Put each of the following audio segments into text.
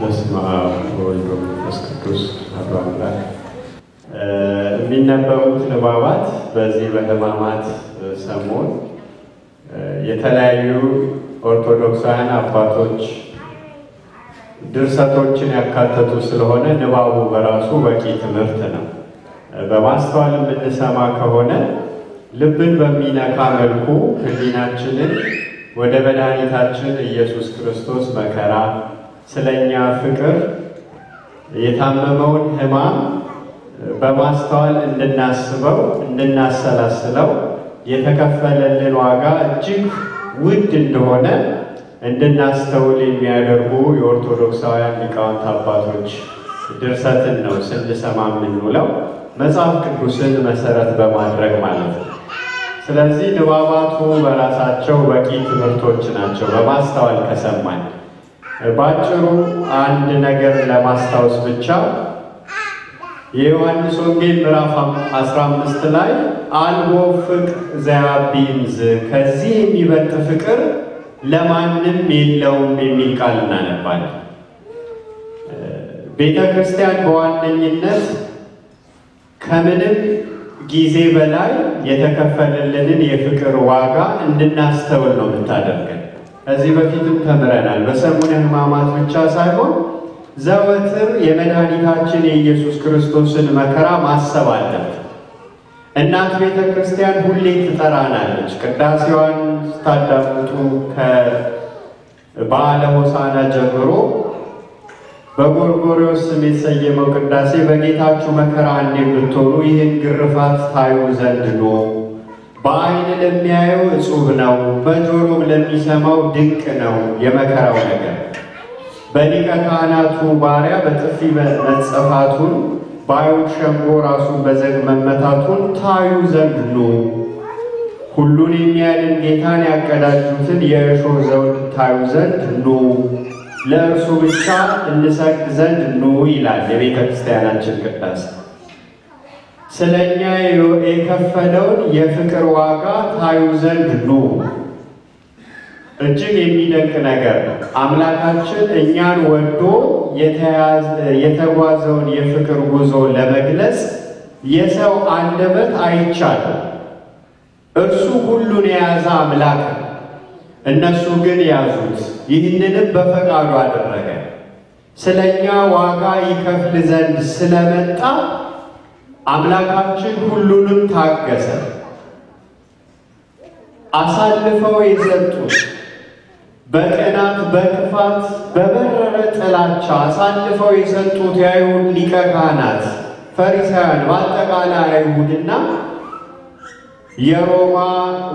በስመ አብ ወወልድ ወመንፈስ ቅዱስ አሐዱ አምላክ። የሚነበቡት ሕማማት በዚህ በሕማማት ሰሞን የተለያዩ ኦርቶዶክሳውያን አባቶች ድርሰቶችን ያካተቱ ስለሆነ ንባቡ በራሱ በቂ ትምህርት ነው። በማስተዋል የምንሰማ ከሆነ ልብን በሚነካ መልኩ ሕሊናችንን ወደ መድኃኒታችን ኢየሱስ ክርስቶስ መከራ ስለኛ ፍቅር የታመመውን ህማም በማስተዋል እንድናስበው እንድናሰላስለው የተከፈለልን ዋጋ እጅግ ውድ እንደሆነ እንድናስተውል የሚያደርጉ የኦርቶዶክሳውያን ሊቃውንት አባቶች ድርሰትን ነው ስንሰማ የምንውለው መጽሐፍ ቅዱስን መሰረት በማድረግ ማለት ነው። ስለዚህ ንባባቱ በራሳቸው በቂ ትምህርቶች ናቸው በማስተዋል ከሰማን በአጭሩ አንድ ነገር ለማስታወስ ብቻ የዮሐንስ ወንጌል ምዕራፍ 15 ላይ አልቦ ፍቅር ዘያቢ ከዚህ የሚበልጥ ፍቅር ለማንም የለውም የሚል ቃል እናነባለን። ቤተ ክርስቲያን በዋነኝነት ከምንም ጊዜ በላይ የተከፈለልንን የፍቅር ዋጋ እንድናስተውል ነው የምታደርገን። ከዚህ በፊትም ተምረናል። በሰሙነ ሕማማት ብቻ ሳይሆን ዘወትር የመድኃኒታችን የኢየሱስ ክርስቶስን መከራ ማሰብ አለብን። እናት ቤተ ክርስቲያን ሁሌ ትጠራናለች። ቅዳሴዋን ስታዳምጡ ከበዓለ ሆሳና ጀምሮ በጎርጎሪዎስ ስም የተሰየመው ቅዳሴ በጌታችሁ መከራ ብትሆኑ ይህን ግርፋት ታዩ ዘንድ ነው በዓይን ለሚያየው እጹብ ነው፣ በጆሮም ለሚሰማው ድንቅ ነው የመከራው ነገር። በሊቀ ካህናቱ ባሪያ በጥፊ መጸፋቱን ባዩን ሸንጎ ራሱን በዘግ መመታቱን ታዩ ዘንድ ኑ ሁሉን የሚያድን ጌታን ያቀዳጁትን የእሾህ ዘውድ ታዩ ዘንድ ኑ ለእርሱ ብቻ እንሰግድ ዘንድ ኑ ይላል የቤተ ክርስቲያናችን ቅዳሴ። ስለ እኛ የከፈለውን የፍቅር ዋጋ ታዩ ዘንድ ኑ። እጅግ የሚደንቅ ነገር ነው። አምላካችን እኛን ወዶ የተጓዘውን የፍቅር ጉዞ ለመግለጽ የሰው አንደበት አይቻልም። እርሱ ሁሉን የያዘ አምላክ ነው። እነሱ ግን ያዙት፣ ይህንንም በፈቃዱ አደረገ። ስለ እኛ ዋጋ ይከፍል ዘንድ ስለመጣ አምላካችን ሁሉንም ታገሰ። አሳልፈው የሰጡት በቅናት በክፋት በበረረ ጥላቻ አሳልፈው የሰጡት የአይሁድ ሊቀ ካህናት ፈሪሳውያን፣ በአጠቃላይ አይሁድና የሮማ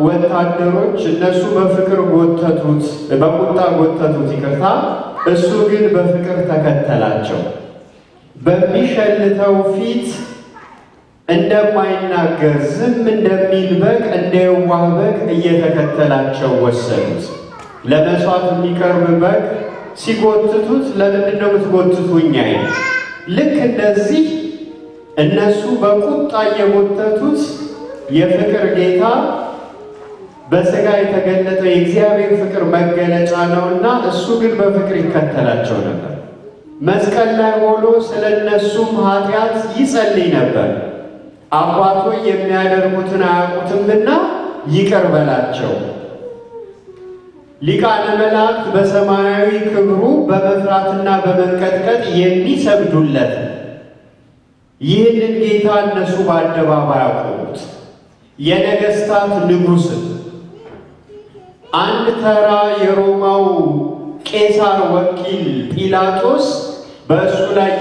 ወታደሮች እነሱ በፍቅር ጎተቱት፣ በቁጣ ጎተቱት፣ ይቅርታ። እሱ ግን በፍቅር ተከተላቸው በሚሸልተው ፊት እንደማይናገር ዝም እንደሚል በግ እንደ የዋህ በግ እየተከተላቸው ወሰዱት። ለመሥዋዕት የሚቀርብ በግ ሲጎትቱት ለምንድን ነው የምትጎትቱኝ? ልክ እንደዚህ እነሱ በቁጣ እየጎተቱት የፍቅር ጌታ በሥጋ የተገለጠ የእግዚአብሔር ፍቅር መገለጫ ነውና እሱ ግን በፍቅር ይከተላቸው ነበር። መስቀል ላይ ሆኖ ስለ እነሱም ኃጢአት ይጸልይ ነበር። አባቶ የሚያደርጉትን አያውቁትምና ይቅር በላቸው። ሊቃነ መላእክት በሰማያዊ ክብሩ በመፍራትና በመንቀጥቀጥ የሚሰግዱለት ይህንን ጌታ እነሱ በአደባባይ አቆሙት። የነገስታት ንጉሥ አንድ ተራ የሮማው ቄሳር ወኪል ጲላጦስ በእሱ ላይ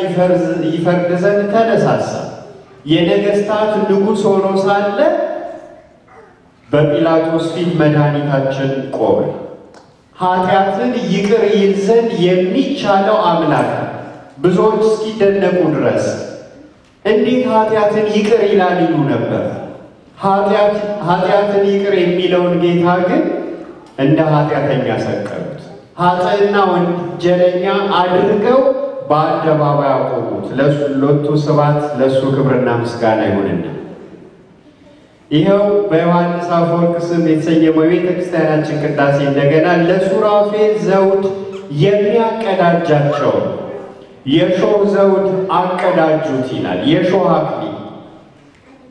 ይፈርድ ዘንድ ተነሳሳ። የነገስታት ንጉሥ ሆኖ ሳለ በጲላጦስ ፊት መድኃኒታችን ቆመ። ኃጢአትን ይቅር ይል ዘንድ የሚቻለው አምላክ ብዙዎች እስኪደነቁ ድረስ እንዴት ኃጢአትን ይቅር ይላል ይሉ ነበር። ኃጢአትን ይቅር የሚለውን ጌታ ግን እንደ ኃጢአተኛ ሰቀሉት። ኃጥእና ወንጀለኛ አድርገው በአደባባይ አቆሙት። ለቱ ስብሐት ለሱ ክብርና ምስጋና ይሁንና ይኸው በዮሐንስ አፈወርቅ ስም የተሰየመው የቤተ ክርስቲያናችን ቅዳሴ እንደገና ለሱራፌል ዘውድ የሚያቀዳጃቸው የሾህ ዘውድ አቀዳጁት ይላል። የሾህ አክሊል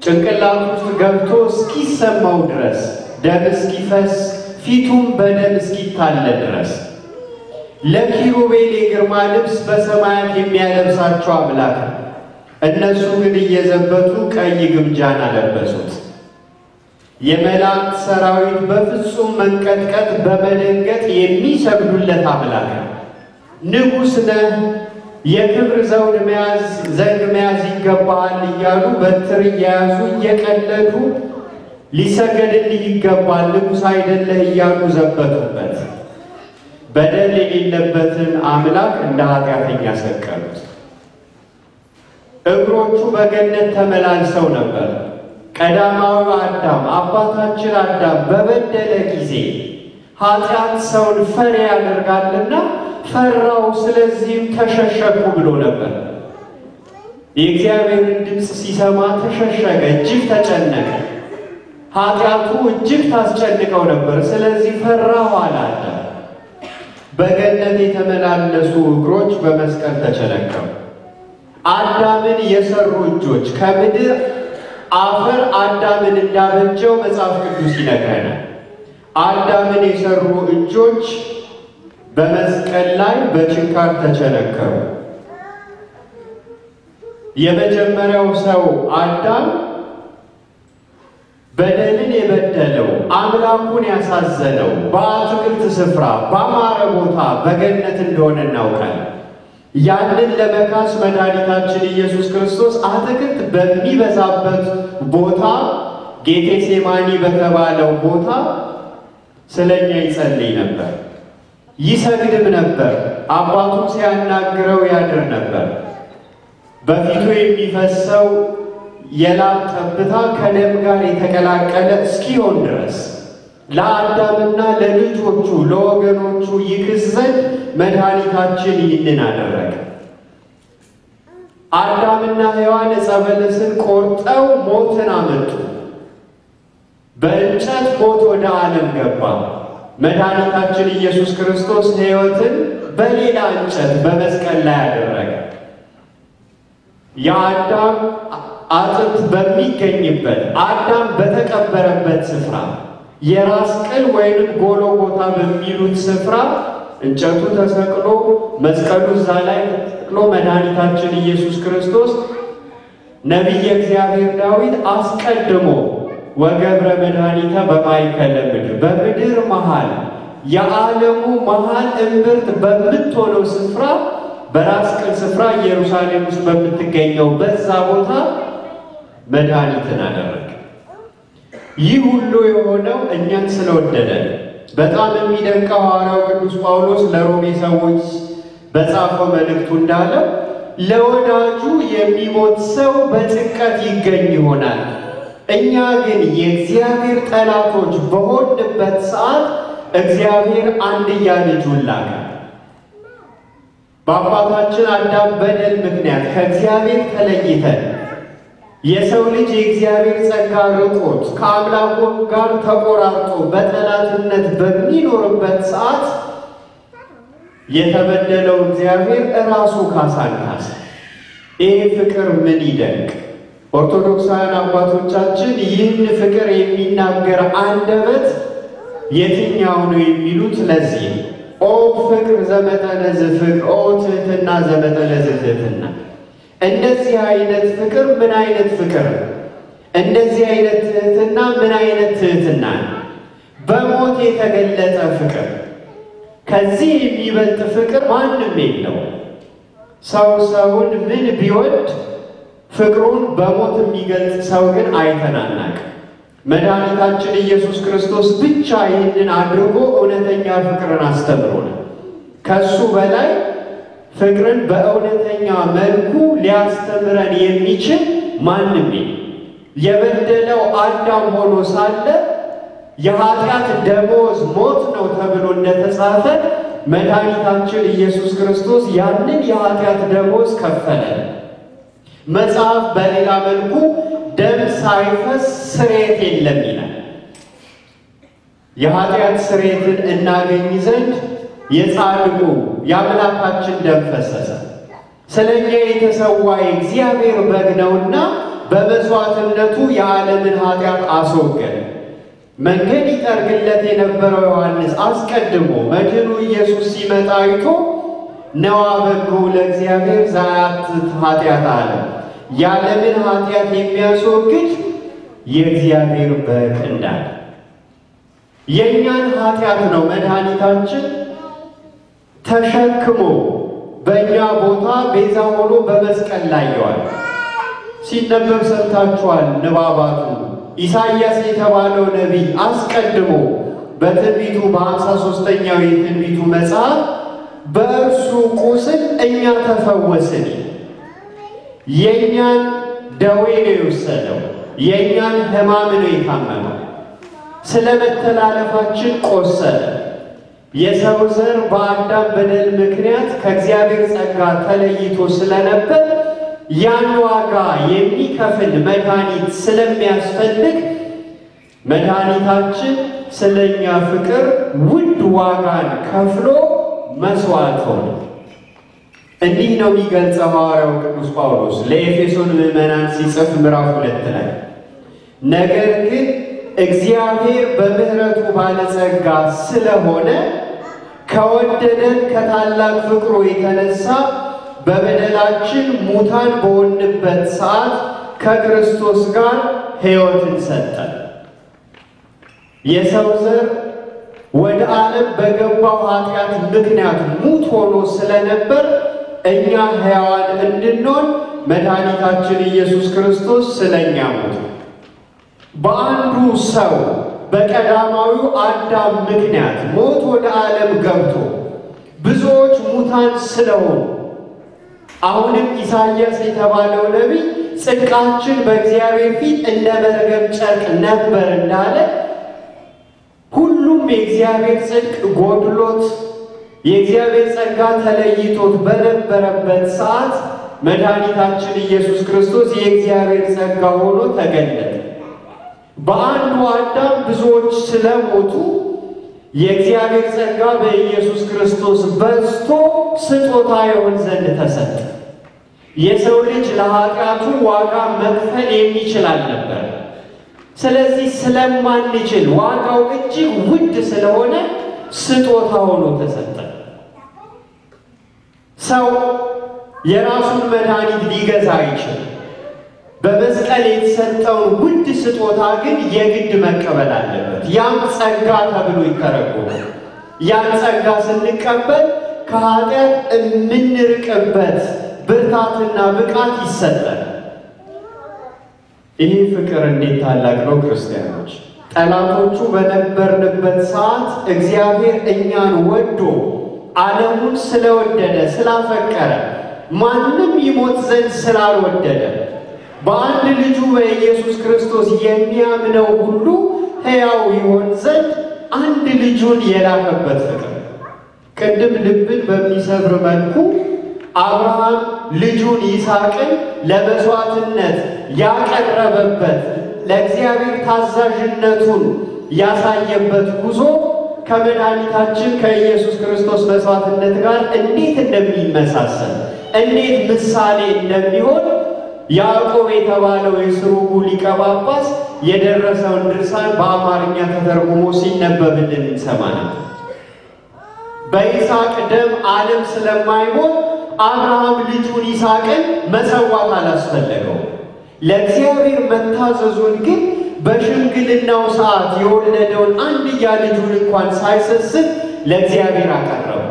ጭንቅላቱ ውስጥ ገብቶ እስኪሰማው ድረስ ደም እስኪፈስ ፊቱም በደም እስኪታለ ድረስ ለኪሩቤል የግርማ ልብስ በሰማያት የሚያለብሳቸው አምላክ ነው። እነሱ ግን እየዘበቱ ቀይ ግምጃን አለበሱት። የመላእክት ሰራዊት በፍጹም መንቀጥቀጥ በመደንገጥ የሚሰግዱለት አምላክ ነው። ንጉሥ ነህ፣ የክብር ዘውድ መያዝ ዘንግ መያዝ ይገባሃል እያሉ በትር እየያዙ እየቀለዱ ሊሰገድልህ ይገባል ንጉሥ አይደለህ እያሉ ዘበቱበት። በደል የሌለበትን አምላክ እንደ ኃጢአተኛ ሰቀሉት። እግሮቹ በገነት ተመላልሰው ነበር። ቀዳማዊ አዳም አባታችን አዳም በበደለ ጊዜ ኃጢአት ሰውን ፈሪ ያደርጋልና ፈራው፣ ስለዚህም ተሸሸኩ ብሎ ነበር። የእግዚአብሔርን ድምፅ ሲሰማ ተሸሸገ፣ እጅግ ተጨነቀ። ኃጢአቱ እጅግ ታስጨንቀው ነበር። ስለዚህ ኋላ አዳም። በገነት የተመላለሱ እግሮች በመስቀል ተቸነከሩ። አዳምን የሰሩ እጆች ከምድር አፈር አዳምን እንዳበጀው መጽሐፍ ቅዱስ ይነግረናል። አዳምን የሰሩ እጆች በመስቀል ላይ በችንካር ተቸነከሩ። የመጀመሪያው ሰው አዳም በደልን የበደለው አምላኩን ያሳዘነው በአትክልት ስፍራ በአማረ ቦታ በገነት እንደሆነ እናውቃለን። ያንን ለመካስ መድኃኒታችን ኢየሱስ ክርስቶስ አትክልት በሚበዛበት ቦታ ጌቴሴማኒ በተባለው ቦታ ስለ እኛ ይጸልይ ነበር፣ ይሰግድም ነበር። አባቱ ሲያናግረው ያድር ነበር። በፊቱ የሚፈሰው የላብ ጠብታ ከደም ጋር የተቀላቀለ እስኪሆን ድረስ ለአዳምና ለልጆቹ ለወገኖቹ ይክስ ዘንድ መድኃኒታችን ይህንን አደረገ። አዳምና ሔዋን ዕፀ በለስን ቆርጠው ሞትን አመጡ። በእንጨት ሞት ወደ ዓለም ገባ። መድኃኒታችን ኢየሱስ ክርስቶስ ሕይወትን በሌላ እንጨት በመስቀል ላይ አደረገ። የአዳም አጥንት በሚገኝበት አዳም በተቀበረበት ስፍራ የራስ ቅል ወይንም ጎሎጎታ በሚሉት ስፍራ እንጨቱ ተሰቅሎ መስቀሉ እዛ ላይ ተሰቅሎ መድኃኒታችን ኢየሱስ ክርስቶስ ነቢየ እግዚአብሔር ዳዊት አስቀድሞ ወገብረ መድኃኒተ በማእከለ ምድር በምድር መሃል የዓለሙ መሃል እምብርት በምትሆነው ስፍራ በራስ ቅል ስፍራ ኢየሩሳሌም ውስጥ በምትገኘው በዛ ቦታ መድኃኒትን አደረገ። ይህ ሁሉ የሆነው እኛን ስለወደደ በጣም የሚደንቀው ሐዋርያው ቅዱስ ጳውሎስ ለሮሜ ሰዎች በጻፈው መልእክቱ እንዳለው ለወዳጁ የሚሞት ሰው በጭንቀት ይገኝ ይሆናል፣ እኛ ግን የእግዚአብሔር ጠላቶች በሆንበት ሰዓት እግዚአብሔር አንድያ ልጁን ላከ። በአባታችን አዳም በደል ምክንያት ከእግዚአብሔር ተለይተን የሰው ልጅ የእግዚአብሔር ጸጋ ርቆት ከአምላኩ ጋር ተቆራርጦ በጠላትነት በሚኖርበት ሰዓት የተበደለው እግዚአብሔር እራሱ ካሳን ካሰ። ይህ ፍቅር ምን ይደንቅ! ኦርቶዶክሳውያን አባቶቻችን ይህን ፍቅር የሚናገር አንደበት የትኛው ነው የሚሉት ለዚህ ኦ ፍቅር ዘመጠነ ዝፍቅ ኦ ትህትና ዘመጠነ ዝትህትና እንደዚህ አይነት ፍቅር ምን አይነት ፍቅር! እንደዚህ አይነት ትህትና ምን አይነት ትህትና! በሞት የተገለጠ ፍቅር። ከዚህ የሚበልጥ ፍቅር ማንም የለው። ሰው ሰውን ምን ቢወድ ፍቅሩን በሞት የሚገልጽ ሰው ግን አይተናናቅ። መድኃኒታችን ኢየሱስ ክርስቶስ ብቻ ይህንን አድርጎ እውነተኛ ፍቅርን ነው ከእሱ በላይ ፍቅርን በእውነተኛ መልኩ ሊያስተምረን የሚችል ማንም የበደለው አዳም ሆኖ ሳለ የኃጢአት ደሞዝ ሞት ነው ተብሎ እንደተጻፈ መድኃኒታችን ኢየሱስ ክርስቶስ ያንን የኃጢአት ደሞዝ ከፈለ። መጽሐፍ በሌላ መልኩ ደም ሳይፈስ ስሬት የለም ይላል። የኃጢአት ስሬትን እናገኝ ዘንድ የጻድቁ የአምላካችን ደም ፈሰሰ። ስለ እኛ የተሰዋ የእግዚአብሔር በግ ነውና በመስዋዕትነቱ የዓለምን ኃጢአት አስወገደ። መንገድ ይጠርግለት የነበረው ዮሐንስ አስቀድሞ መድኑ ኢየሱስ ሲመጣ አይቶ ነዋ በጎ ለእግዚአብሔር ዛያት ኃጢአት አለ። የዓለምን ኃጢአት የሚያስወግድ የእግዚአብሔር በግ እንዳለ የእኛን ኃጢአት ነው መድኃኒታችን ተሸክሞ በእኛ ቦታ ቤዛ ሆኖ በመስቀል ላይ ይዋል። ሲነበብ ሰምታችኋል። ንባባቱ ኢሳይያስ የተባለው ነቢይ አስቀድሞ በትንቢቱ በሀምሳ ሦስተኛው የትንቢቱ መጽሐፍ በእርሱ ቁስል እኛ ተፈወስን። የእኛን ደዌ ነው የወሰደው፣ የእኛን ሕማም ነው የታመመው፣ ስለ መተላለፋችን ቆሰለ። የሰው ዘር በአዳም በደል ምክንያት ከእግዚአብሔር ጸጋ ተለይቶ ስለነበር ያን ዋጋ የሚከፍል መድኃኒት ስለሚያስፈልግ መድኃኒታችን ስለኛ ፍቅር ውድ ዋጋን ከፍሎ መስዋዕት ሆነ። እንዲህ ነው የሚገልጸው ሐዋርያው ቅዱስ ጳውሎስ ለኤፌሶን ምዕመናን ሲጽፍ ምዕራፍ ሁለት ላይ ነገር ግን እግዚአብሔር በምሕረቱ ባለጸጋ ስለሆነ ከወደደን ከታላቅ ፍቅሩ የተነሳ በበደላችን ሙታን በሆንበት ሰዓት ከክርስቶስ ጋር ሕይወትን ሰጠን። የሰው ዘር ወደ ዓለም በገባው ኃጢአት ምክንያት ሙት ሆኖ ስለነበር እኛ ሕያዋን እንድንሆን መድኃኒታችን ኢየሱስ ክርስቶስ ስለኛ ሙት በአንዱ ሰው በቀዳማዊው አዳም ምክንያት ሞት ወደ ዓለም ገብቶ ብዙዎች ሙታን ስለሆኑ አሁንም ኢሳያስ የተባለው ነቢይ ጽድቃችን በእግዚአብሔር ፊት እንደ መርገም ጨርቅ ነበር እንዳለ ሁሉም የእግዚአብሔር ጽድቅ ጎድሎት የእግዚአብሔር ጸጋ ተለይቶት በነበረበት ሰዓት መድኃኒታችን ኢየሱስ ክርስቶስ የእግዚአብሔር ጸጋ ሆኖ ተገለጠ። በአንዱ አዳም ብዙዎች ስለሞቱ የእግዚአብሔር ጸጋ በኢየሱስ ክርስቶስ በዝቶ ስጦታ ይሆን ዘንድ ተሰጠ። የሰው ልጅ ለኃጢአቱ ዋጋ መክፈል የሚችል አልነበር። ስለዚህ ስለማንችል ዋጋው እጅግ ውድ ስለሆነ ስጦታ ሆኖ ተሰጠ። ሰው የራሱን መድኃኒት ሊገዛ አይችልም። በመስቀል የተሰጠውን ውድ ስጦታ ግን የግድ መቀበል አለበት። ያም ጸጋ ተብሎ ይተረጎማል። ያን ጸጋ ስንቀበል ከኃጢአት የምንርቅበት ብርታትና ብቃት ይሰጠል። ይህ ፍቅር እንዴት ታላቅ ነው! ክርስቲያኖች ጠላቶቹ በነበርንበት ሰዓት እግዚአብሔር እኛን ወዶ ዓለሙን ስለወደደ ስላፈቀረ ማንም ይሞት ዘንድ ስላልወደደ በአንድ ልጁ በኢየሱስ ክርስቶስ የሚያምነው ሁሉ ሕያው ይሆን ዘንድ አንድ ልጁን የላከበት ፍቅር ቅድም ልብን በሚሰብር መልኩ አብርሃም ልጁን ይስሐቅን ለመሥዋዕትነት ያቀረበበት ለእግዚአብሔር ታዛዥነቱን ያሳየበት ጉዞ ከመድኃኒታችን ከኢየሱስ ክርስቶስ መሥዋዕትነት ጋር እንዴት እንደሚመሳሰል እንዴት ምሳሌ እንደሚሆን ያዕቆብ የተባለው የስሩጉ ሊቀ ጳጳስ የደረሰውን ድርሳን በአማርኛ ተተርጉሞ ሲነበብልን እንሰማለን። በይስሐቅ ደም ዓለም ስለማይሞት አብርሃም ልጁን ይስሐቅን መሰዋት አላስፈለገው። ለእግዚአብሔር መታዘዙን ግን በሽምግልናው ሰዓት የወለደውን አንድያ ልጁን እንኳን ሳይሰስት ለእግዚአብሔር አቀረበ።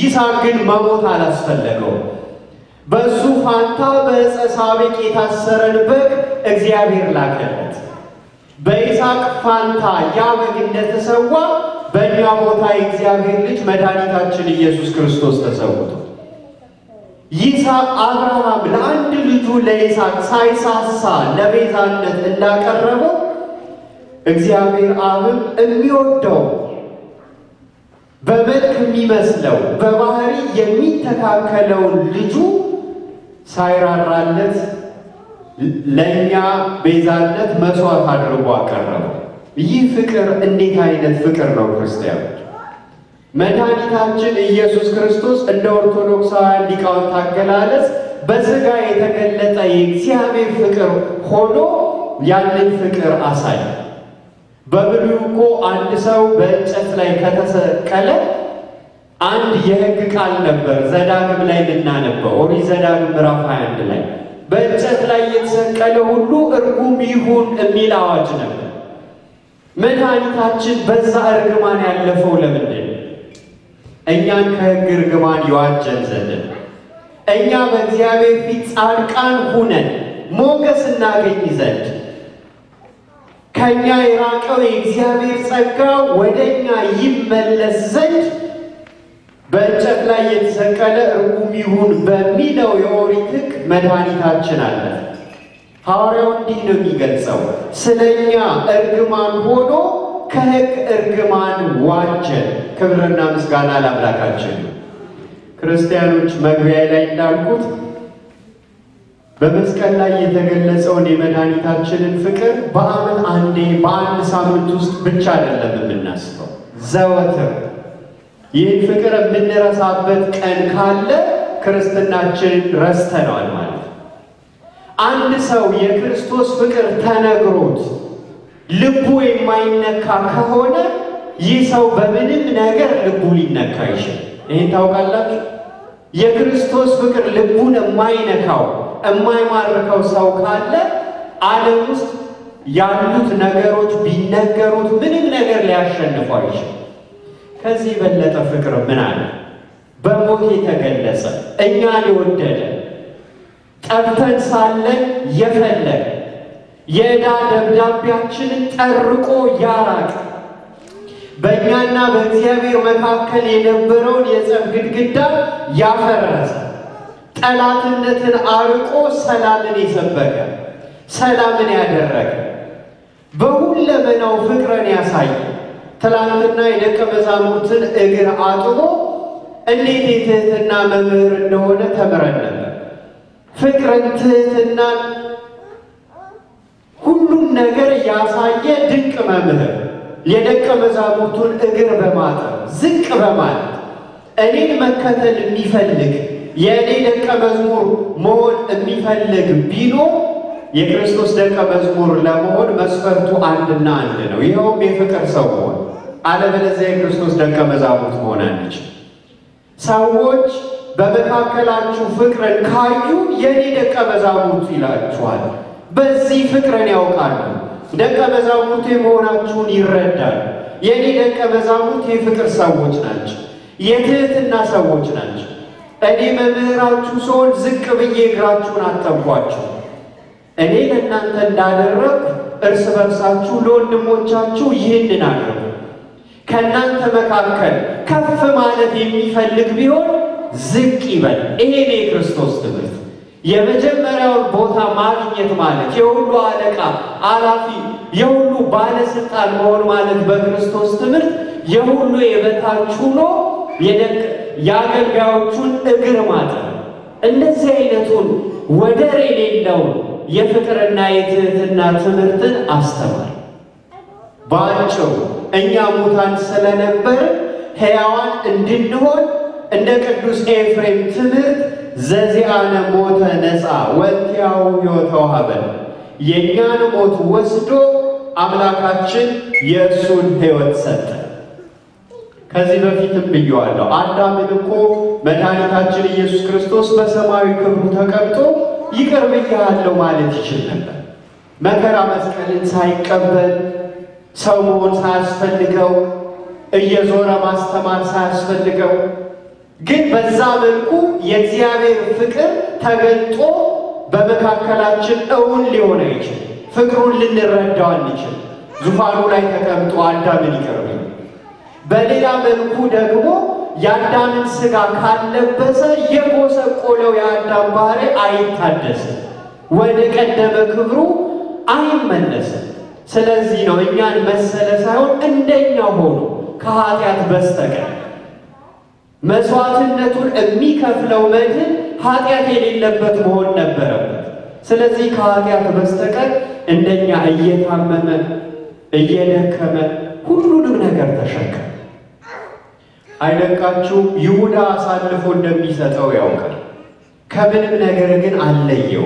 ይስሐቅ ግን መሞት አላስፈለገው። በእሱ ፋንታ በዕፀ ሳቤቅ የታሰረን በግ እግዚአብሔር ላከለት። በይስሐቅ ፋንታ ያ በግ እንደተሰዋ በእኛ ቦታ የእግዚአብሔር ልጅ መድኃኒታችን ኢየሱስ ክርስቶስ ተሰውቷል። ይስሐቅ አብርሃም ለአንድ ልጁ ለይስሐቅ ሳይሳሳ ለቤዛነት እንዳቀረበው እግዚአብሔር አብም የሚወደው በመልክ የሚመስለው በባህሪ የሚተካከለውን ልጁ ሳይራራለት ለእኛ ቤዛነት መስዋዕት አድርጎ አቀረበ። ይህ ፍቅር እንዴት አይነት ፍቅር ነው ክርስቲያኖች! መድኃኒታችን ኢየሱስ ክርስቶስ እንደ ኦርቶዶክሳውያን ሊቃውንት አገላለጽ በስጋ የተገለጠ የእግዚአብሔር ፍቅር ሆኖ ያንን ፍቅር አሳየ። በብሉይ እኮ አንድ ሰው በእንጨት ላይ ከተሰቀለ አንድ የህግ ቃል ነበር ዘዳግም ላይ የምናነበው ኦሪት ዘዳግም ምዕራፍ 21 ላይ በእንጨት ላይ የተሰቀለ ሁሉ እርጉም ይሁን የሚል አዋጅ ነበር። መድኃኒታችን በዛ እርግማን ያለፈው ለምንድን እኛን ከህግ እርግማን ይዋጀን ዘንድ እኛ በእግዚአብሔር ፊት ጻድቃን ሁነን ሞገስ እናገኝ ዘንድ ከእኛ የራቀው የእግዚአብሔር ጸጋ ወደ እኛ ይመለስ ዘንድ በእንጨት ላይ የተሰቀለ እርጉም ይሁን በሚለው የኦሪት ሕግ መድኃኒታችን አለ። ሐዋርያው እንዲህ ነው የሚገልጸው፣ ስለ እኛ እርግማን ሆኖ ከሕግ እርግማን ዋጀን። ክብርና ምስጋና ለአምላካችን። ክርስቲያኖች መግቢያ ላይ እንዳልኩት በመስቀል ላይ የተገለጸውን የመድኃኒታችንን ፍቅር በዓመት አንዴ በአንድ ሳምንት ውስጥ ብቻ አይደለም የምናስበው ዘወትር ይህ ፍቅር የምንረሳበት ቀን ካለ ክርስትናችንን ረስተነዋል ማለት ነው። አንድ ሰው የክርስቶስ ፍቅር ተነግሮት ልቡ የማይነካ ከሆነ ይህ ሰው በምንም ነገር ልቡ ሊነካ ይችላል። ይህን ታውቃላችሁ። የክርስቶስ ፍቅር ልቡን የማይነካው የማይማርከው ሰው ካለ ዓለም ውስጥ ያሉት ነገሮች ቢነገሩት ምንም ነገር ሊያሸንፈው አይችልም። ከዚህ የበለጠ ፍቅር ምን አለ? በሞት የተገለጸ እኛን የወደደ ጠብተን ሳለን የፈለገ የዕዳ ደብዳቤያችንን ጠርቆ ያራቅ በእኛና በእግዚአብሔር መካከል የነበረውን የጸብ ግድግዳ ያፈረሰ ጠላትነትን አርቆ ሰላምን የሰበከ ሰላምን ያደረገ በሁለመናው ፍቅርን ያሳየ ትላንትና የደቀ መዛሙርትን እግር አጥቦ እንዴት የትህትና መምህር እንደሆነ ተምረን ነበር። ፍቅርን፣ ትህትናን ሁሉም ነገር ያሳየ ድንቅ መምህር የደቀ መዛሙርቱን እግር በማጠብ ዝቅ በማለት እኔን መከተል የሚፈልግ የእኔ ደቀ መዝሙር መሆን የሚፈልግ ቢኖር የክርስቶስ ደቀ መዝሙር ለመሆን መስፈርቱ አንድና አንድ ነው። ይኸውም የፍቅር ሰው መሆን፣ አለበለዚያ የክርስቶስ ደቀ መዛሙርት መሆን አንችል። ሰዎች በመካከላችሁ ፍቅርን ካዩ የኔ ደቀ መዛሙርቱ ይላችኋል። በዚህ ፍቅርን ያውቃሉ፣ ደቀ መዛሙርቱ የመሆናችሁን ይረዳል። የኔ ደቀ መዛሙርት የፍቅር ሰዎች ናቸው፣ የትህትና ሰዎች ናቸው። እኔ መምህራችሁ ሰዎች ዝቅ ብዬ እግራችሁን አተምኳችሁ እኔ ለእናንተ እንዳደረግ እርስ በርሳችሁ ለወንድሞቻችሁ ይህንን አድርጉ። ከእናንተ መካከል ከፍ ማለት የሚፈልግ ቢሆን ዝቅ ይበል። ይሄ የክርስቶስ ትምህርት። የመጀመሪያውን ቦታ ማግኘት ማለት የሁሉ አለቃ፣ አላፊ፣ የሁሉ ባለስልጣን መሆን ማለት በክርስቶስ ትምህርት የሁሉ የበታች ሆኖ የአገልጋዮቹን እግር ማጠብ እንደዚህ አይነቱን ወደር የሌለውን የፍቅርና የትህትና ትምህርትን አስተማር። በአጭሩ እኛ ሙታን ስለነበር ሕያዋን እንድንሆን እንደ ቅዱስ ኤፍሬም ትምህርት ዘዚአነ ሞተ ነፃ ወንቲያው ሕይወተ የእኛን ሞት ወስዶ አምላካችን የእርሱን ሕይወት ሰጠ። ከዚህ በፊትም ብየዋለሁ። አዳምን እኮ መድኃኒታችን ኢየሱስ ክርስቶስ በሰማያዊ ክብሩ ተቀምጦ ይቅር ብያለሁ ማለት ይችል ነበር። መከራ መስቀልን ሳይቀበል ሰው መሆን ሳያስፈልገው እየዞረ ማስተማር ሳያስፈልገው ግን በዛ መልኩ የእግዚአብሔር ፍቅር ተገልጦ በመካከላችን እውን ሊሆነ ይችል ፍቅሩን ልንረዳው አንችል። ዙፋኑ ላይ ተቀምጦ አዳምን ይቅር በሌላ መልኩ ደግሞ የአዳምን ስጋ ካለበሰ የቆሰቆለው የአዳም ባህሪ አይታደስም፣ ወደ ቀደመ ክብሩ አይመለስም። ስለዚህ ነው እኛን መሰለ ሳይሆን እንደኛ ሆኖ ከኃጢአት በስተቀር መስዋዕትነቱን የሚከፍለው መድን ኃጢአት የሌለበት መሆን ነበረበት። ስለዚህ ከኃጢአት በስተቀር እንደኛ እየታመመ እየደከመ ሁሉንም ነገር ተሸከመ። አይደንቃችሁ ይሁዳ አሳልፎ እንደሚሰጠው ያውቃል። ከምንም ነገር ግን አለየው፣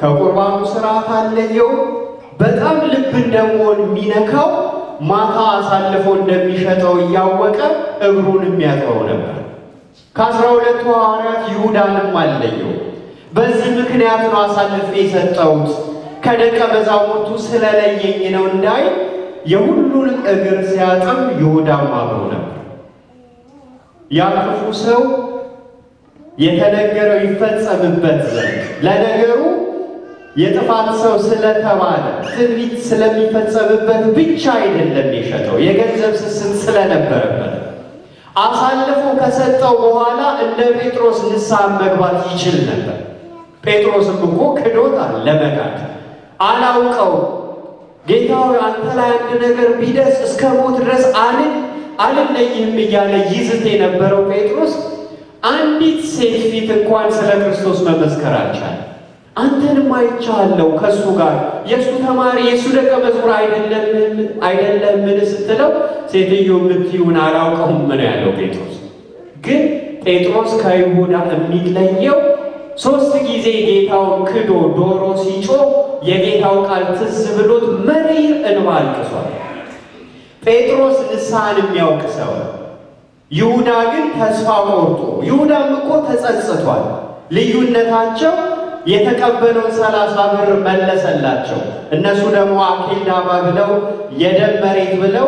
ከቁርባኑ ስርዓት አለየው። በጣም ልብ እንደመሆን የሚነካው ማታ አሳልፎ እንደሚሸጠው እያወቀ እግሩን የሚያጥበው ነበር። ከአስራ ሁለቱ ሐዋርያት ይሁዳንም አለየው። በዚህ ምክንያት ነው አሳልፌ የሰጠሁት ከደቀ መዛሙርቱ ስለለየኝ ነው እንዳይ የሁሉን እግር ሲያጥም ይሁዳም አብሮ ነበር። ያ ሰው የተነገረው ይፈጸምበት ዘንድ ለነገሩ የጥፋት ሰው ስለተባለ ትንቢት ስለሚፈጸምበት ብቻ አይደለም የሸጠው፣ የገንዘብ ስስት ስለነበረበት አሳልፎ ከሰጠው በኋላ እንደ ጴጥሮስ ንስሐ መግባት ይችል ነበር። ጴጥሮስም እኮ ክዶታል ለመካድ አላውቀው ጌታዊ አንተ ላይ አንድ ነገር ቢደርስ እስከ ሞት ድረስ አልን አልለይህም እያለ ይዝት የነበረው ጴጥሮስ አንዲት ሴት ፊት እንኳን ስለ ክርስቶስ መመስከር አልቻለ። አንተንም አይቻለሁ ከእሱ ጋር የእሱ ተማሪ የእሱ ደቀ መዝሙር አይደለምን ስትለው ሴትዮ የምትይውን አላውቀውም ምን ያለው ጴጥሮስ። ግን ጴጥሮስ ከይሁዳ የሚለየው ሶስት ጊዜ ጌታውን ክዶ ዶሮ ሲጮ የጌታው ቃል ትዝ ብሎት መሪር እንባ አልቅሷል። ጴጥሮስ ንስሐን የሚያውቅ ሰው፣ ይሁዳ ግን ተስፋ ቆርጦ፣ ይሁዳም እኮ ተጸጽቷል። ልዩነታቸው የተቀበለው ሰላሳ ብር መለሰላቸው። እነሱ ደግሞ አኬል ብለው የደም መሬት ብለው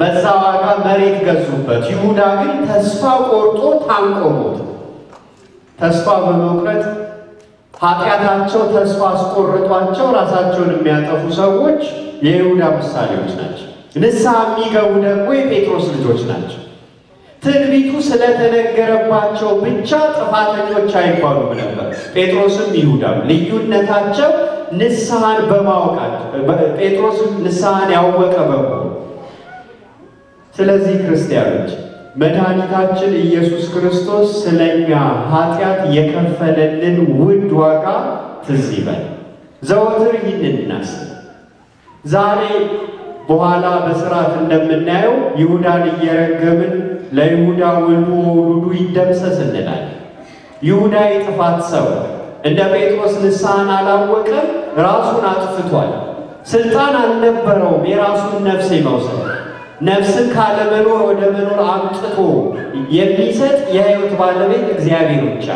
በዛ ዋጋ መሬት ገዙበት። ይሁዳ ግን ተስፋ ቆርጦ ታንቆሞት ተስፋ በመቁረጥ ኃጢአታቸው ተስፋ አስቆርጧቸው ራሳቸውን የሚያጠፉ ሰዎች የይሁዳ ምሳሌዎች ናቸው። ንስሐ የሚገቡ ደግሞ የጴጥሮስ ልጆች ናቸው። ትንቢቱ ስለተነገረባቸው ብቻ ጥፋተኞች አይባሉም ነበር። ጴጥሮስም ይሁዳም ልዩነታቸው ንስሐን በማወቃቸው ጴጥሮስም ንስሐን ያወቀ በመሆኑ። ስለዚህ ክርስቲያኖች መድኃኒታችን ኢየሱስ ክርስቶስ ስለኛ ኃጢአት የከፈለልን ውድ ዋጋ ትዝ ይበል። ዘወትር ይህንን እናስብ። ዛሬ በኋላ በስርዓት እንደምናየው ይሁዳን እየረገምን ለይሁዳ ወልዱ መውሉዱ ይደምሰስ እንላለን። ይሁዳ የጥፋት ሰው እንደ ጴጥሮስ ንስሐን አላወቀ፣ ራሱን አጥፍቷል። ስልጣን አልነበረውም የራሱን ነፍስ የመውሰድ ነፍስን ካለመኖር ወደ መኖር አምጥቶ የሚሰጥ የህይወት ባለቤት እግዚአብሔር ብቻ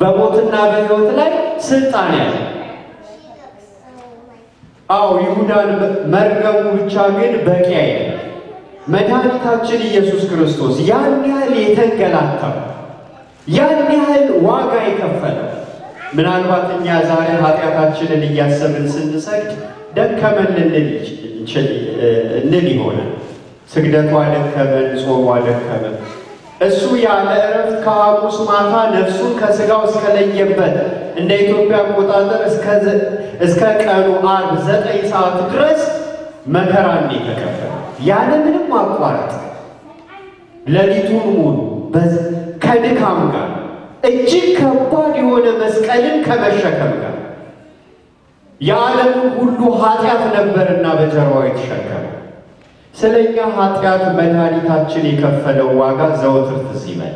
በሞትና በህይወት ላይ ስልጣን ያለው አዎ ይሁዳን መርገሙ ብቻ ግን በቂ አይደለም። መድኃኒታችን ኢየሱስ ክርስቶስ ያን ያህል የተንገላታው ያን ያህል ዋጋ የከፈለው ምናልባት እኛ ዛሬ ኃጢአታችንን እያሰብን ስንሰግድ ደከመን እንል ይሆናል። ስግደቷ ደከመን፣ ጾሟ ደከመን እሱ ያለ እረፍት ከሐሙስ ማታ ነፍሱን ከሥጋው እስከለየበት እንደ ኢትዮጵያ አቆጣጠር እስከ ቀኑ ዓርብ ዘጠኝ ሰዓት ድረስ መከራ የተቀበለ ያለ ምንም አቋረጥ ሌሊቱን ሙሉ ከድካም ጋር እጅግ ከባድ የሆነ መስቀልን ከመሸከም ጋር የዓለምን ሁሉ ኃጢአት ነበርና በጀርባው የተሸከመ ስለ እኛ ኃጢአት መድኃኒታችን የከፈለው ዋጋ ዘወትር ትዝ ይበል።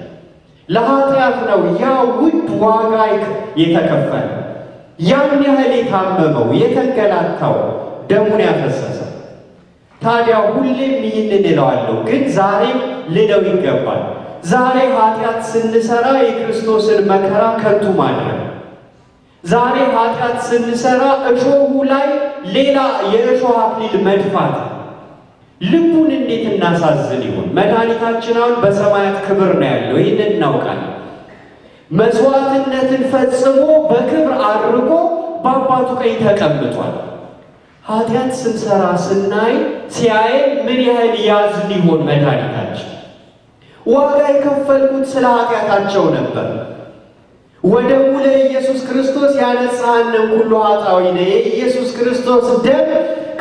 ለኃጢአት ነው ያ ውድ ዋጋ የተከፈለ፣ ያን ያህል የታመመው፣ የተንገላታው፣ ደሙን ያፈሰሰው። ታዲያ ሁሌም ይህንን እለዋለሁ፣ ግን ዛሬም ልለው ይገባል። ዛሬ ኃጢአት ስንሰራ የክርስቶስን መከራ ከንቱ ማድረግ ዛሬ ኃጢአት ስንሰራ እሾሁ ላይ ሌላ የእሾህ አክሊል መድፋት ልቡን እንዴት እናሳዝን ይሆን? መድኃኒታችን አሁን በሰማያት ክብር ነው ያለው። ይህንን እናውቃለን። መስዋዕትነትን ፈጽሞ በክብር አድርጎ በአባቱ ቀኝ ተቀምጧል። ኃጢአት ስንሰራ ስናይ ሲያይ ምን ያህል ያዝን ይሆን? መድኃኒታችን ዋጋ የከፈልኩት ስለ ኃጢአታቸው ነበር። ወደ ሙለ ኢየሱስ ክርስቶስ ያነሳሃንን ሁሉ ኃጣዊ ነ የኢየሱስ ክርስቶስ ደም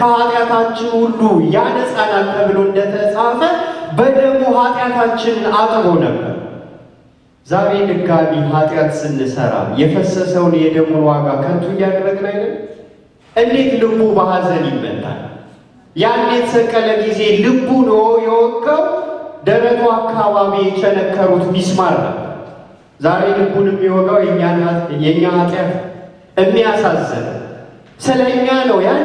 ከኃጢአታችን ሁሉ ያነጻናል ተብሎ እንደተጻፈ በደሙ ኃጢአታችንን አጥቦ ነበር። ዛሬ ድጋሚ ኃጢአት ስንሰራ የፈሰሰውን የደሙን ዋጋ ከንቱ እያደረግን አይደል? እንዴት ልቡ በሐዘን ይመታል። ያን የተሰቀለ ጊዜ ልቡ ነው የወጋው። ደረቱ አካባቢ የቸነከሩት ሚስማር ነው። ዛሬ ልቡን የሚወጋው የእኛ ኃጢአት የሚያሳዝነው። ስለ እኛ ነው ያን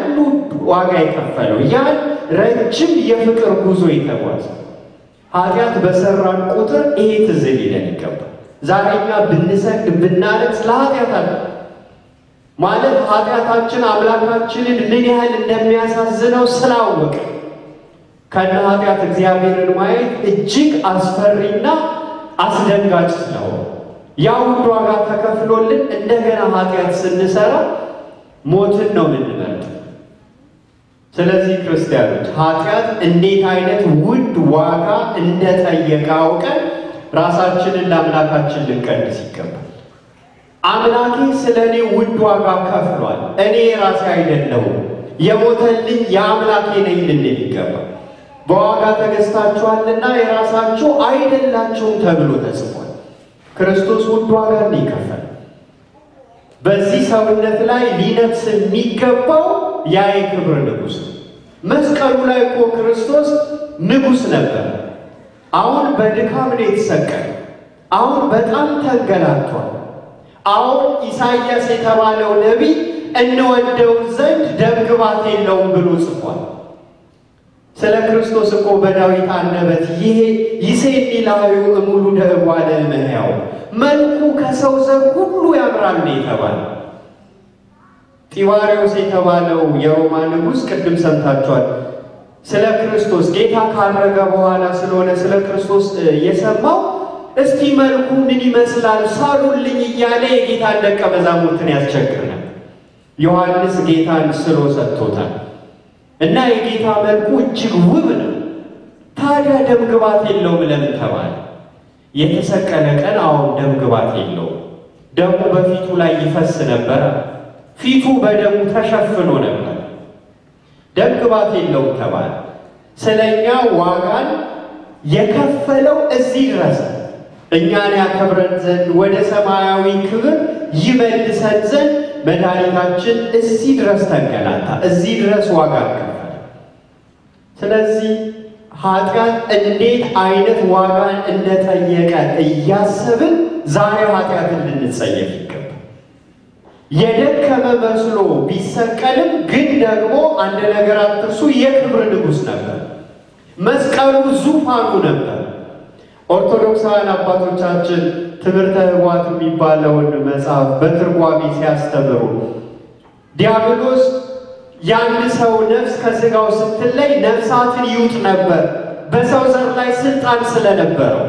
ዋጋ የከፈለው። ያን ረጅም የፍቅር ጉዞ የተጓዘ ኃጢአት በሰራን ቁጥር ይሄ ትዝ ሊለን ይገባል። ዛሬ እኛ ብንሰግድ ብናለቅስ ለኃጢአት አለ ማለት ኃጢአታችን አምላካችንን ምን ያህል እንደሚያሳዝነው ስላወቀ ከነ ኃጢአት እግዚአብሔርን ማየት እጅግ አስፈሪና አስደንጋጭ ስለሆነ ያ ሁሉ ዋጋ ተከፍሎልን እንደገና ኃጢአት ስንሰራ ሞትን ነው የምንመርጠው። ስለዚህ ክርስቲያኖች ኃጢአት እንዴት አይነት ውድ ዋጋ እንደጠየቀ አውቀን ራሳችንን ለአምላካችን ልንቀድስ ይገባል። አምላኬ ስለ እኔ ውድ ዋጋ ከፍሏል፣ እኔ ራሴ አይደለሁም፣ የሞተልኝ የአምላኬ ነኝ ልንል ይገባል። በዋጋ ተገዝታችኋልና የራሳችሁ አይደላችሁም ተብሎ ተጽፏል። ክርስቶስ ውድ ዋጋ እንዲከፈል በዚህ ሰውነት ላይ ሊነፍስ የሚገባው ያ የክብር ንጉሥ መስቀሉ ላይ እኮ ክርስቶስ ንጉሥ ነበር። አሁን በድካም ነው የተሰቀለ። አሁን በጣም ተንገላቷል። አሁን ኢሳይያስ የተባለው ነቢይ እንወደው ዘንድ ደም ግባት የለውም ብሎ ጽፏል። ስለ ክርስቶስ እኮ በዳዊት አነበት ይሄ ይሴ ላዩ እሙሉ ደዕቧ ለእመሕያው መልኩ ከሰው ዘር ሁሉ ያምራል የተባለ ጢባሪዎስ የተባለው የሮማ ንጉሥ ቅድም ሰምታችኋል። ስለ ክርስቶስ ጌታ ካረገ በኋላ ስለሆነ ስለ ክርስቶስ የሰማው እስቲ መልኩ ምን ይመስላል ሳሉልኝ እያለ የጌታን ደቀ መዛሙርትን ያስቸግረናል። ዮሐንስ ጌታን ስሎ ሰጥቶታል እና የጌታ መልኩ እጅግ ውብ ነው። ታዲያ ደምግባት የለውም ለምን ተባለ? የተሰቀለ ቀን አሁን ደም ግባት የለውም። ደሙ በፊቱ ላይ ይፈስ ነበር። ፊቱ በደሙ ተሸፍኖ ነበር። ደም ግባት የለውም ተባለ። ስለኛ ዋጋን የከፈለው እዚህ ድረስ እኛን ያከብረን ዘንድ ወደ ሰማያዊ ክብር ይመልሰን ዘንድ መድኃኒታችን እዚህ ድረስ ተንገላታ፣ እዚህ ድረስ ዋጋ ከፈለ። ስለዚህ ኃጢአት እንዴት አይነት ዋጋን እንደጠየቀ እያሰብን ዛሬ ኃጢአትን ልንጸየፍ ይገባል። የደከመ መስሎ ቢሰቀልም ግን ደግሞ አንድ ነገር አትርሱ፣ የክብር ንጉሥ ነበር። መስቀሉ ዙፋኑ ነበር። ኦርቶዶክሳውያን አባቶቻችን ትምህርተ ሕዋት የሚባለውን መጽሐፍ በትርጓሜ ሲያስተምሩ ዲያብሎስ የአንድ ሰው ነፍስ ከስጋው ስትለይ ነፍሳትን ይውጥ ነበር፣ በሰው ዘር ላይ ስልጣን ስለነበረው።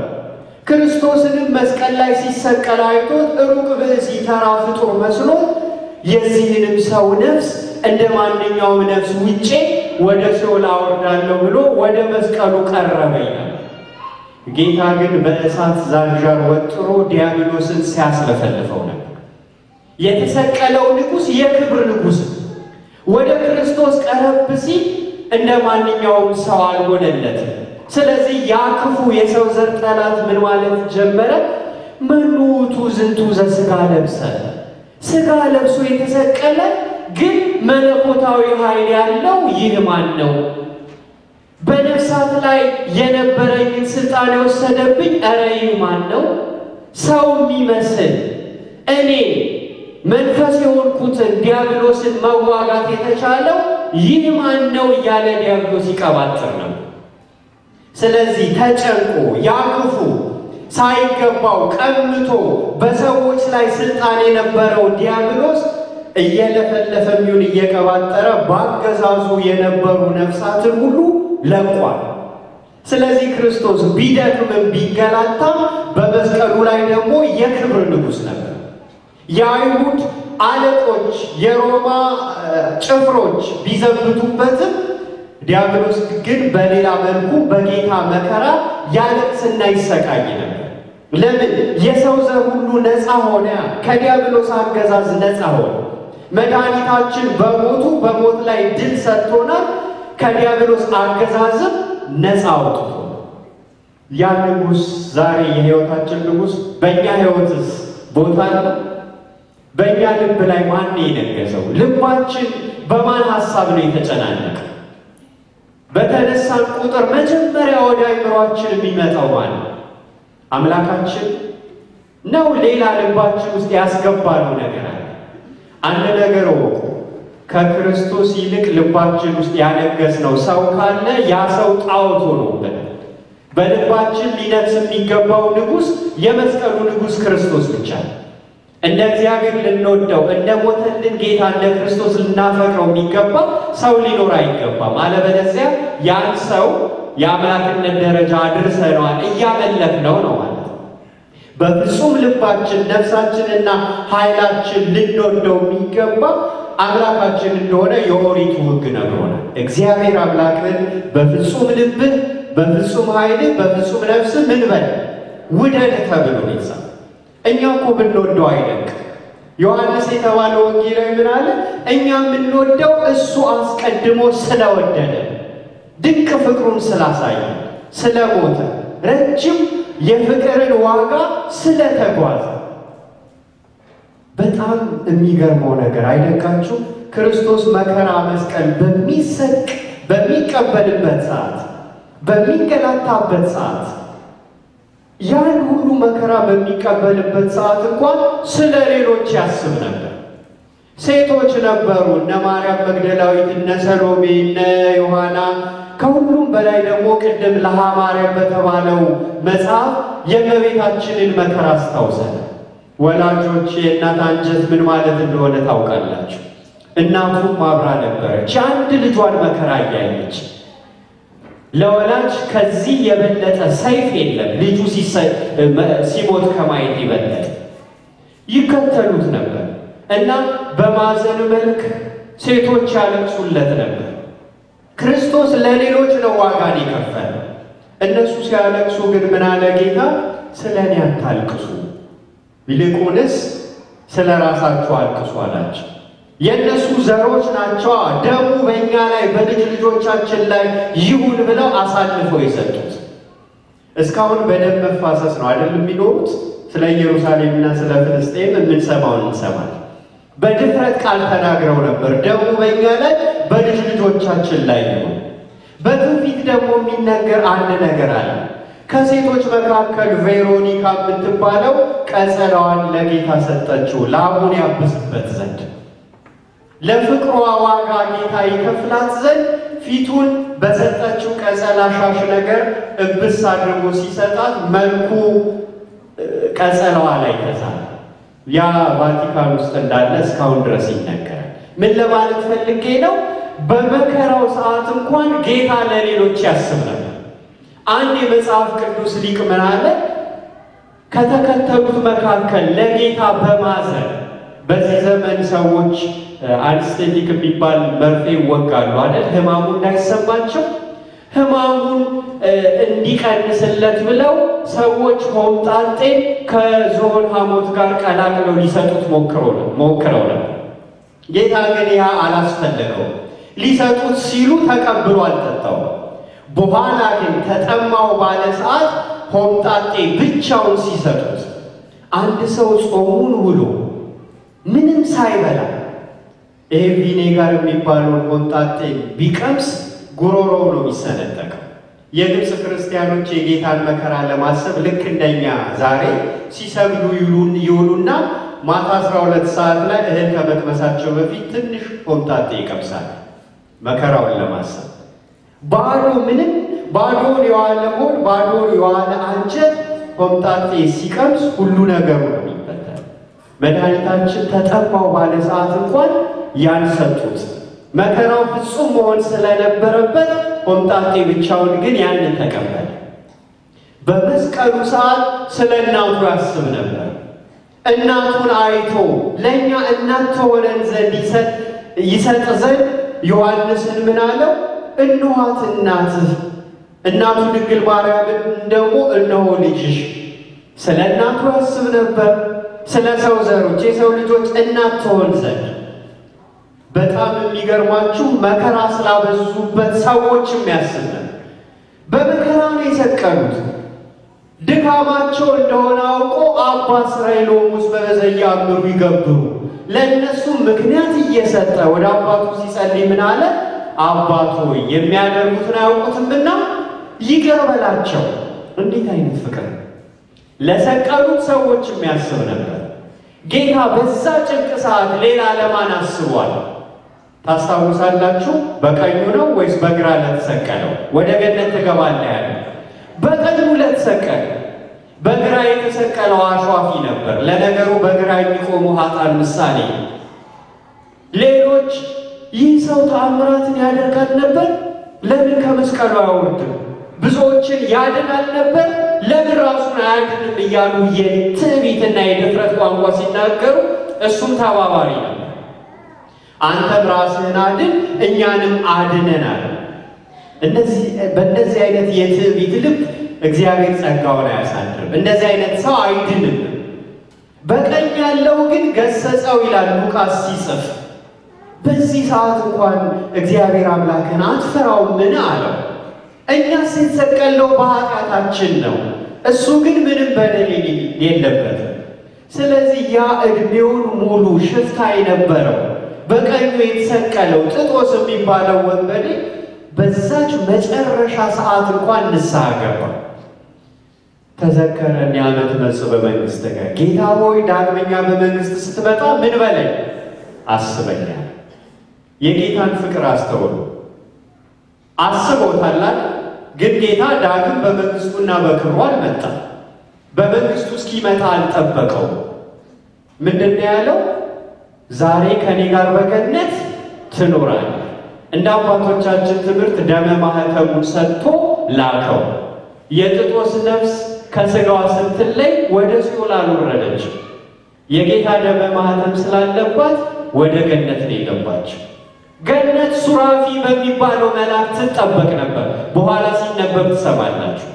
ክርስቶስንም መስቀል ላይ ሲሰቀል አይቶት ሩቅ ብእሲ ተራ ፍጡር መስሎ የዚህንም ሰው ነፍስ እንደ ማንኛውም ነፍስ ውጬ ወደ ሲኦል አወርዳለሁ ብሎ ወደ መስቀሉ ቀረበ ይላል። ጌታ ግን በእሳት ዛንዣር ወጥሮ ዲያብሎስን ሲያስለፈልፈው ነበር። የተሰቀለው ንጉሥ የክብር ንጉሥ ነው። ወደ ክርስቶስ ቀረብ ሲል እንደ ማንኛውም ሰው አልሆነለት። ስለዚህ ያ ክፉ የሰው ዘር ጠላት ምን ማለት ጀመረ? መኑቱ ውእቱ ዝንቱ ስጋ ለብሰ፣ ስጋ ለብሶ የተሰቀለ ግን መለኮታዊ ኃይል ያለው ይህ ማን ነው? በነፍሳት ላይ የነበረኝን ስልጣን የወሰደብኝ እረ ይህ ማን ነው? ሰው የሚመስል እኔ መንፈስ የሆንኩትን ዲያብሎስን መዋጋት የተቻለው ይህ ማን ነው እያለ ዲያብሎስ ይቀባጥር ነው። ስለዚህ ተጨንቆ ያክፉ ሳይገባው ቀምቶ በሰዎች ላይ ስልጣን የነበረው ዲያብሎስ እየለፈለፈ ሚሆን እየቀባጠረ በአገዛዙ የነበሩ ነፍሳትን ሁሉ ለቋል። ስለዚህ ክርስቶስ ቢደክምም ቢገላታም በመስቀሉ ላይ ደግሞ የክብር ንጉሥ ነበር። የአይሁድ አለቆች የሮማ ጭፍሮች ቢዘብቱበትም ዲያብሎስ ግን በሌላ መልኩ በጌታ መከራ ያለቅስና ይሰቃይ ነበር። ለምን? የሰው ዘር ሁሉ ነፃ ሆነ፣ ከዲያብሎስ አገዛዝ ነፃ ሆነ። መድኃኒታችን በሞቱ በሞት ላይ ድል ሰጥቶናል። ከዲያብሎስ አገዛዝም ነፃ አውጥቶ ያ ንጉሥ ዛሬ የሕይወታችን ንጉሥ በእኛ ሕይወትስ ቦታ ነው? በእኛ ልብ ላይ ማን የነገሰው? ልባችን በማን ሀሳብ ነው የተጨናነቀ? በተነሳን ቁጥር መጀመሪያ ወደ አይምሯችን የሚመጣው ማን አምላካችን ነው? ሌላ ልባችን ውስጥ ያስገባነው ነገር አለ? አንድ ነገር ወቁ። ከክርስቶስ ይልቅ ልባችን ውስጥ ያነገስነው ሰው ካለ ያ ሰው ጣዖት ሆኖብናል። በልባችን ሊነግስ የሚገባው ንጉሥ የመስቀሉ ንጉሥ ክርስቶስ ብቻ ነው። እንደ እግዚአብሔር ልንወደው እንደ ሞተልን ጌታ እንደ ክርስቶስ ልናፈቅረው የሚገባ ሰው ሊኖር አይገባም። አለበለዚያ ያን ሰው የአምላክነት ደረጃ አድርሰነዋል፣ እያመለክ ነው ማለት ነው። በፍጹም ልባችን ነፍሳችንና ኃይላችን ልንወደው የሚገባ አምላካችን እንደሆነ የኦሪቱ ሕግ ነግሮነ እግዚአብሔር አምላክን በፍጹም ልብህ፣ በፍጹም ኃይልህ፣ በፍጹም ነፍስህ ምን በል ውደድ ተብሎ ይጻ እኛ እኮ ብንወደው አይደንቅ። ዮሐንስ የተባለ ወንጌላዊ ምን አለ? እኛ የምንወደው እሱ አስቀድሞ ስለወደደ፣ ድንቅ ፍቅሩን ስላሳየ፣ ስለሞተ፣ ረጅም የፍቅርን ዋጋ ስለተጓዘ። በጣም የሚገርመው ነገር አይደንቃችሁ? ክርስቶስ መከራ መስቀል በሚሰቅ በሚቀበልበት ሰዓት፣ በሚንገላታበት ሰዓት ያን ሁሉ መከራ በሚቀበልበት ሰዓት እንኳን ስለ ሌሎች ያስብ ነበር። ሴቶች ነበሩ፣ እነ ማርያም መግደላዊት፣ እነ ሰሎሜ፣ እነ ዮሐና። ከሁሉም በላይ ደግሞ ቅድም ለሃ ማርያም በተባለው መጽሐፍ የእመቤታችንን መከራ አስታውሰናል። ወላጆች የእናት አንጀት ምን ማለት እንደሆነ ታውቃላችሁ። እናቱም አብራ ነበረች። የአንድ ልጇን መከራ እያየች ለወላጅ ከዚህ የበለጠ ሰይፍ የለም። ልጁ ሲሞት ከማየት ይበለጥ ይከተሉት ነበር እና በማዘን መልክ ሴቶች ያለቅሱለት ነበር። ክርስቶስ ለሌሎች ነው ዋጋን የከፈለ። እነሱ ሲያለቅሱ ግን ምን አለ ጌታ? ስለ እኔ አታልቅሱ፣ ይልቁንስ ስለ ራሳችሁ አልቅሱ አላቸው። የእነሱ ዘሮች ናቸዋ፣ ደሙ በእኛ ላይ በልጅ ልጆቻችን ላይ ይሁን ብለው አሳልፈው የሰጡት እስካሁን በደም መፋሰስ ነው አይደል የሚኖሩት። ስለ ኢየሩሳሌምና ስለ ፍልስጤም የምንሰማውን እንሰማል። በድፍረት ቃል ተናግረው ነበር፣ ደሙ በእኛ ላይ በልጅ ልጆቻችን ላይ ነው። በትንቢት ደግሞ የሚነገር አንድ ነገር አለ። ከሴቶች መካከል ቬሮኒካ የምትባለው ቀጸላዋን ለጌታ ሰጠችው ላቡን ያብስበት ዘንድ ለፍቅሯ ዋጋ ጌታ ይከፍላት ዘንድ ፊቱን በሰጠችው ቀጸላ ሻሽ ነገር እብስ አድርጎ ሲሰጣት መልኩ ቀጸላዋ ላይ ተሳለ። ያ ቫቲካን ውስጥ እንዳለ እስካሁን ድረስ ይነገራል። ምን ለማለት ፈልጌ ነው? በመከራው ሰዓት እንኳን ጌታ ለሌሎች ያስብ ነበር። አንድ የመጽሐፍ ቅዱስ ሊቅ ምን አለ? ከተከተሉት መካከል ለጌታ በማዘን በዚህ ዘመን ሰዎች አንስቴቲክ የሚባል መርፌ ይወጋሉ አይደል? ህማሙ እንዳይሰማቸው ህማሙን እንዲቀንስለት ብለው ሰዎች ሆምጣጤ ከዝሆን ሐሞት ጋር ቀላቅለው ሊሰጡት ሞክረው ነው። ጌታ ግን ያ አላስፈለገውም። ሊሰጡት ሲሉ ተቀብሎ አልጠጣው። በኋላ ግን ተጠማው ባለ ሰዓት ሆምጣጤ ብቻውን ሲሰጡት አንድ ሰው ጾሙን ውሎ ምንም ሳይበላ ይሄ ቪኔጋር የሚባለውን ሆምጣጤ ቢቀምስ ጉሮሮው ነው የሚሰነጠቀው። የግብፅ ክርስቲያኖች የጌታን መከራ ለማሰብ ልክ እንደኛ ዛሬ ሲሰግዱ ይውሉና ማታ 12 ሰዓት ላይ እህል ከመጥበሳቸው በፊት ትንሽ ሆምጣጤ ይቀምሳል መከራውን ለማሰብ። ባዶ ምንም ባዶን የዋለ ሆድ፣ ባዶን የዋለ አንጀት ሆምጣጤ ሲቀምስ ሁሉ ነገሩ ነው መድኃኒታችን ተጠባው ባለ ሰዓት እንኳን ያን ሰጡት። መከራው ፍጹም መሆን ስለነበረበት ሆምጣጤ ብቻውን ግን ያንን ተቀበለ። በመስቀሉ ሰዓት ስለ እናቱ ያስብ ነበር። እናቱን አይቶ ለእኛ እናት ትሆነን ዘንድ ይሰጥ ዘንድ ዮሐንስን ምን አለው? እንኋት እናትህ። እናቱ ድንግል ማርያምን ደግሞ እነሆ ልጅሽ። ስለ እናቱ ያስብ ነበር። ስለ ሰው ዘሮች የሰው ልጆች እናት ትሆን ዘንድ በጣም የሚገርማችሁ መከራ ስላበዙበት ሰዎች የሚያስብ በመከራ ነው የሰቀሉት። ድካማቸው እንደሆነ አውቆ አባ እስራኤሎሙስ በበዘያ አምሩ ይገብሩ ለእነሱ ምክንያት እየሰጠ ወደ አባቱ ሲጸልይ ምን አለ? አባቱ የሚያደርጉትን አያውቁትምና ይቅር በላቸው። እንዴት አይነት ፍቅር ለሰቀሉት ሰዎች የሚያስብ ነበር። ጌታ በዛ ጭንቅ ሰዓት ሌላ ለማን አስቧል? ታስታውሳላችሁ? በቀኙ ነው ወይስ በግራ ለተሰቀለው? ወደ ገነት ትገባለህ ያለ በቀኙ ለተሰቀለ። በግራ የተሰቀለው አሿፊ ነበር። ለነገሩ በግራ የሚቆሙ ኃጥአን ምሳሌ ሌሎች ይህ ሰው ተአምራትን ያደርጋል ነበር፣ ለምን ከመስቀሉ አያወርድም? ብዙዎችን ያድናል ነበር ለምን ራሱን አያድንም እያሉ የትዕቢትና የድፍረት ቋንቋ ሲናገሩ እሱም ተባባሪ ነው። አንተም ራስህን አድን እኛንም አድነናል። እነዚህ በእንደዚህ አይነት የትዕቢት ልብ እግዚአብሔር ጸጋውን አያሳድርም። እንደዚህ አይነት ሰው አይድንም። በቀኝ ያለው ግን ገሰጸው ይላል ሉቃስ ሲጽፍ። በዚህ ሰዓት እንኳን እግዚአብሔር አምላክን አትፈራውምን አለው። እኛስ የተሰቀለው በኃጢአታችን ነው፣ እሱ ግን ምንም በደል የለበትም። ስለዚህ ያ እድሜውን ሙሉ ሽፍታ የነበረው በቀኙ የተሰቀለው ጥጦስ የሚባለው ወንበዴ በዛች መጨረሻ ሰዓት እንኳን ንስሐ ገባ። ተዘከረኒ ዓመት በመንግስት ጋር ጌታ ሆይ ዳግመኛ በመንግስት ስትመጣ ምን በለኝ አስበኛል። የጌታን ፍቅር አስተውሉ። አስቦታላል። ግን ጌታ ዳግም በመንግስቱና በክብሩ አልመጣም። በመንግስቱ እስኪመጣ አልጠበቀው። ምንድን ያለው? ዛሬ ከኔ ጋር በገነት ትኖራል። እንደ አባቶቻችን ትምህርት ደመ ማህተሙን ሰጥቶ ላከው። የጥጦስ ነፍስ ከስጋዋ ስትለይ ወደ ሲኦል አልወረደችም። የጌታ ደመ ማህተም ስላለባት ወደ ገነት ነው የገባችው። ገነት ሱራፊ በሚባለው መልአክ ትጠበቅ ነበር። በኋላ ሲነበብ ትሰማላችሁ።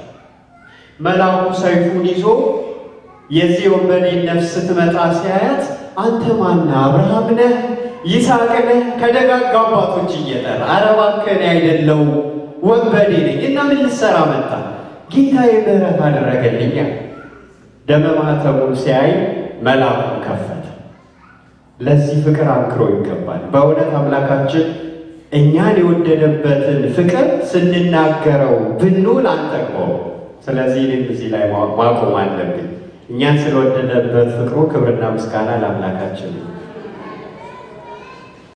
መልአኩ ሰይፉን ይዞ የዚህ ወንበዴን ነፍስ ስትመጣ ሲያያት አንተ ማና አብርሃም ነህ ይስሐቅ ነህ ከደጋግ አባቶች እየጠራ ኧረ አይደለው ወንበዴ ነኝ እና ምን ልሰራ መጣ ጌታዬ ምሕረት አደረገልኛል። ደመ ማኅተሙን ሲያይ መልአኩን ከፈተ። ለዚህ ፍቅር አክሮ ይገባል። በእውነት አምላካችን እኛን የወደደበትን ፍቅር ስንናገረው ብንውል አንጠቅመው። ስለዚህ እኔም እዚህ ላይ ማቆም አለብኝ። እኛን ስለወደደበት ፍቅሩ ክብርና ምስጋና ለአምላካችን ነው።